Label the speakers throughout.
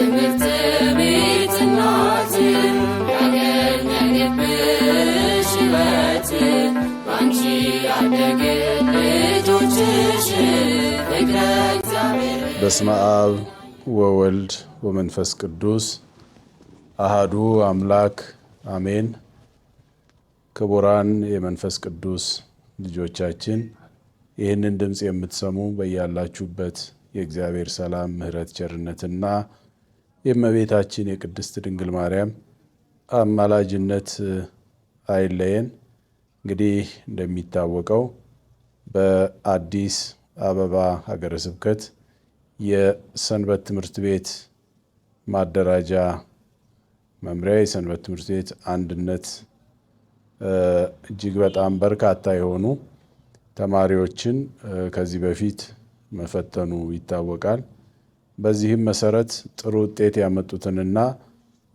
Speaker 1: ትምህርት ቤት እናት ያገኘንብሽ ባንቺ ልጆችሽ ፍቅረ እግዚአብሔር። በስመ አብ ወወልድ ወመንፈስ ቅዱስ አሃዱ አምላክ አሜን። ክቡራን የመንፈስ ቅዱስ ልጆቻችን ይህንን ድምፅ የምትሰሙ በያላችሁበት የእግዚአብሔር ሰላም ምሕረት ቸርነትና የእመቤታችን የቅድስት ድንግል ማርያም አማላጅነት አይለየን። እንግዲህ እንደሚታወቀው በአዲስ አበባ ሀገረ ስብከት የሰንበት ትምህርት ቤት ማደራጃ መምሪያ የሰንበት ትምህርት ቤት አንድነት እጅግ በጣም በርካታ የሆኑ ተማሪዎችን ከዚህ በፊት መፈተኑ ይታወቃል። በዚህም መሰረት ጥሩ ውጤት ያመጡትንና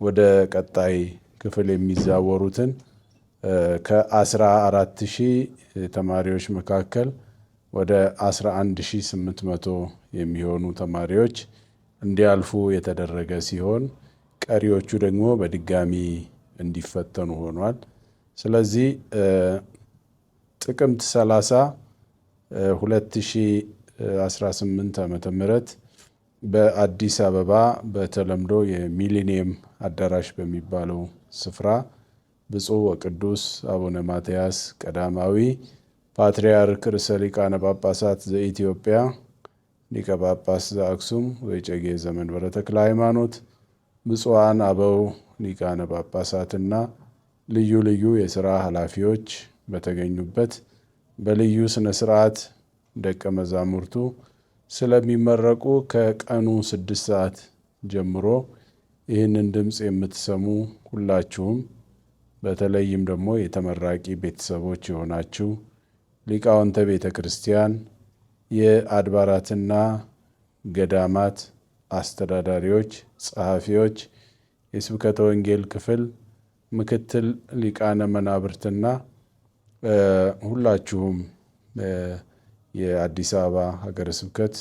Speaker 1: ወደ ቀጣይ ክፍል የሚዛወሩትን ከአስራ አራት ሺህ ተማሪዎች መካከል ወደ 11800 የሚሆኑ ተማሪዎች እንዲያልፉ የተደረገ ሲሆን ቀሪዎቹ ደግሞ በድጋሚ እንዲፈተኑ ሆኗል። ስለዚህ ጥቅምት 30 2018 ም በአዲስ አበባ በተለምዶ የሚሊኒየም አዳራሽ በሚባለው ስፍራ ብፁዕ ወቅዱስ አቡነ ማትያስ ቀዳማዊ ፓትርያርክ ርሰሊቃነ ሊቃነ ጳጳሳት ዘኢትዮጵያ ሊቀ ጳጳስ ዘአክሱም ወዕጨጌ ዘመንበረ ተክለ ሃይማኖት ብፁዓን አበው ሊቃነ ጳጳሳትና ልዩ ልዩ የሥራ ኃላፊዎች በተገኙበት በልዩ ሥነ ሥርዓት ደቀ መዛሙርቱ ስለሚመረቁ ከቀኑ ስድስት ሰዓት ጀምሮ ይህንን ድምፅ የምትሰሙ ሁላችሁም በተለይም ደግሞ የተመራቂ ቤተሰቦች የሆናችሁ ሊቃውንተ ቤተ ክርስቲያን፣ የአድባራትና ገዳማት አስተዳዳሪዎች፣ ጸሐፊዎች፣ የስብከተ ወንጌል ክፍል ምክትል ሊቃነ መናብርትና ሁላችሁም የአዲስ አበባ ሀገረ ስብከት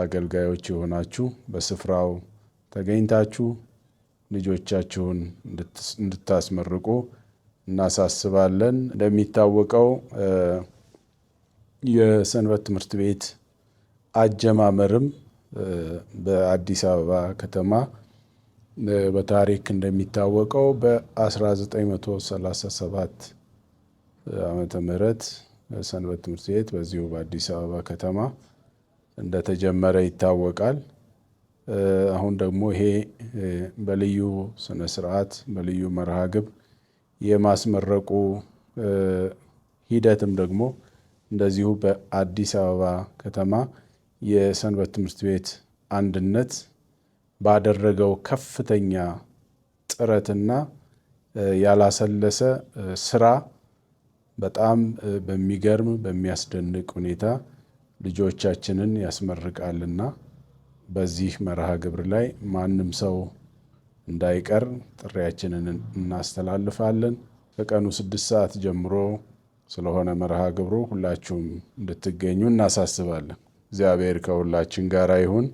Speaker 1: አገልጋዮች የሆናችሁ በስፍራው ተገኝታችሁ ልጆቻችሁን እንድታስመርቁ እናሳስባለን። እንደሚታወቀው የሰንበት ትምህርት ቤት አጀማመርም በአዲስ አበባ ከተማ በታሪክ እንደሚታወቀው በ1937 ዓመተ ምህረት ሰንበት ትምህርት ቤት በዚሁ በአዲስ አበባ ከተማ እንደተጀመረ ይታወቃል። አሁን ደግሞ ይሄ በልዩ ስነ ስርዓት በልዩ መርሃ የማስመረቁ ሂደትም ደግሞ እንደዚሁ በአዲስ አበባ ከተማ የሰንበት ትምህርት ቤት አንድነት ባደረገው ከፍተኛ ጥረትና ያላሰለሰ ስራ በጣም በሚገርም በሚያስደንቅ ሁኔታ ልጆቻችንን ያስመርቃልና በዚህ መርሃ ግብር ላይ ማንም ሰው እንዳይቀር ጥሪያችንን እናስተላልፋለን። ከቀኑ ስድስት ሰዓት ጀምሮ ስለሆነ መርሃ ግብሩ ሁላችሁም እንድትገኙ እናሳስባለን። እግዚአብሔር ከሁላችን ጋር ይሁን።